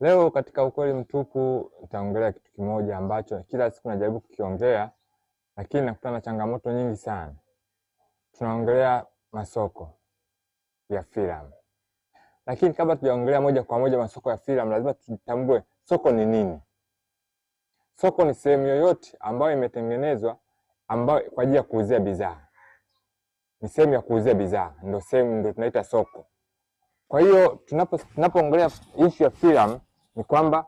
Leo katika ukweli mtupu nitaongelea kitu kimoja ambacho kila siku najaribu kukiongea, lakini nakutana na changamoto nyingi sana. Tunaongelea masoko ya filamu, lakini kabla tujaongelea moja kwa moja masoko ya filamu, lazima tutambue soko ni nini. Soko ni sehemu yoyote ambayo imetengenezwa ambayo kwa ajili ya kuuzia bidhaa, ni sehemu ya kuuzia bidhaa, ndio sehemu ndio tunaita soko. Kwa hiyo tunapoongelea ishu ya filamu ni kwamba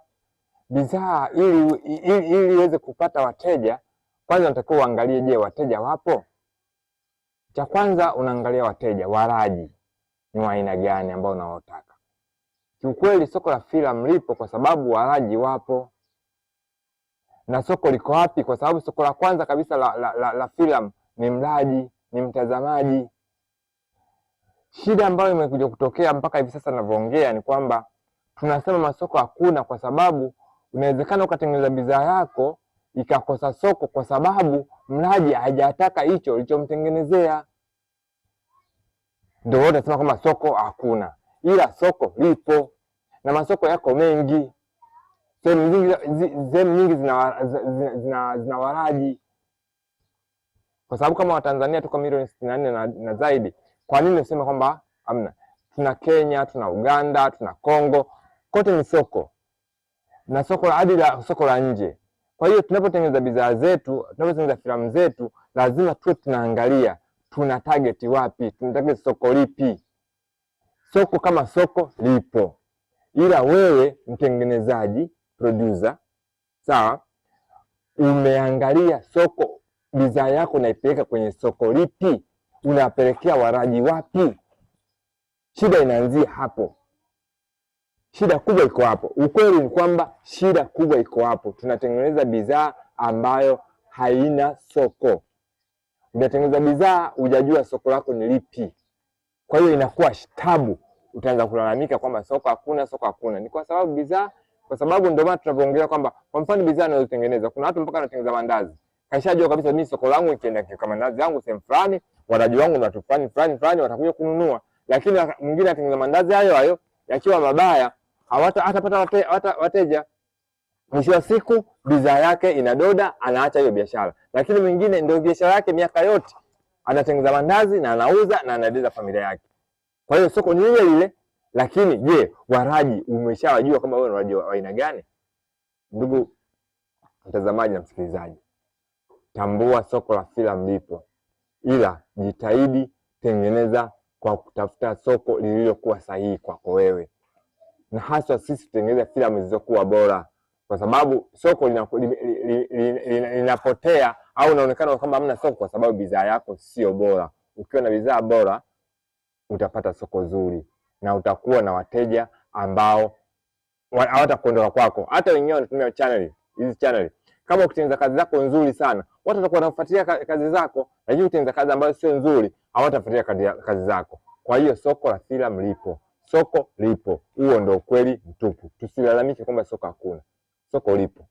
bidhaa ili ili ili iweze kupata wateja, kwanza unatakiwa uangalie, je, wateja wapo? Cha kwanza unaangalia wateja, walaji ni wa aina gani ambao unaotaka. Kiukweli soko la filamu lipo kwa sababu walaji wapo. Na soko liko wapi? Kwa sababu soko la kwanza kabisa la, la, la, la filamu ni mlaji, ni mtazamaji. Shida ambayo imekuja kutokea mpaka hivi sasa ninavyoongea ni kwamba tunasema masoko hakuna, kwa sababu unawezekana ukatengeneza bidhaa yako ikakosa soko, kwa sababu mlaji hajataka hicho ulichomtengenezea. Ndio utasema kwamba soko hakuna, ila soko lipo na masoko yako mengi. Sehemu nyingi, sehemu nyingi zina, zina, zina, zina walaji kwa sababu kama Watanzania tuko milioni sitini na nne na zaidi. Kwa nini useme kwamba amna? Tuna Kenya, tuna Uganda, tuna Kongo kote ni soko na soko la la soko la nje. Kwa hiyo tunapotengeneza bidhaa zetu, tunapotengeneza filamu zetu, lazima tuwe tunaangalia tuna target wapi, tuna target soko lipi. Soko kama soko lipo, ila wewe mtengenezaji, producer, sawa, umeangalia soko, bidhaa yako unaipeleka kwenye soko lipi, unapelekea waraji wapi? Shida inaanzia hapo. Shida kubwa iko hapo. Ukweli ni kwamba shida kubwa iko hapo. Tunatengeneza bidhaa ambayo haina soko. Unatengeneza bidhaa, hujajua soko lako ni lipi. Kwa hiyo inakuwa tabu, utaanza kulalamika kwamba soko hakuna, soko hakuna. Ni kwa sababu bidhaa, kwa sababu ndio maana tunapoongelea kwamba, kwa mfano bidhaa anazotengeneza, kuna watu mpaka anatengeneza mandazi, kashajua kabisa, mimi soko langu ikienda kwa mandazi yangu sehemu fulani, walaji wangu ni watu fulani fulani fulani, watakuja kununua. Lakini mwingine atengeneza mandazi hayo hayo yakiwa mabaya hawata hatapata wate, wateja. Mwisho wa siku bidhaa yake inadoda, anaacha hiyo biashara. Lakini mwingine ndio biashara yake miaka yote, anatengeneza mandazi na anauza na anaendeleza familia yake. Kwa hiyo soko ni lile lile, lakini je, waraji umeshawajua kama wewe unaraji wa aina gani? Ndugu mtazamaji na msikilizaji, tambua soko la filamu lipo, ila jitahidi, tengeneza kwa kutafuta soko lililokuwa sahihi kwako wewe na haswa sisi tutengeneza filamu zilizokuwa bora, kwa sababu soko linapotea li, li, li, li, au unaonekana kwamba hamna soko kwa sababu bidhaa yako sio bora. Ukiwa na bidhaa bora utapata soko zuri na utakuwa na wateja ambao hawatakuondoka kwako. Hata wenyewe wanatumia channel hizi channel, kama ukitengeneza kazi zako nzuri sana, watu watakuwa wanafuatilia kazi zako, lakini ukitengeneza kazi ambayo sio nzuri, hawatafuatilia kazi zako. Kwa hiyo soko la filamu lipo. Soko lipo, huo ndo ukweli mtupu. Tusilalamike kwamba soko hakuna. Soko lipo,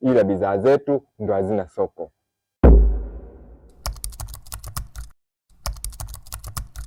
ila bidhaa zetu ndo hazina soko.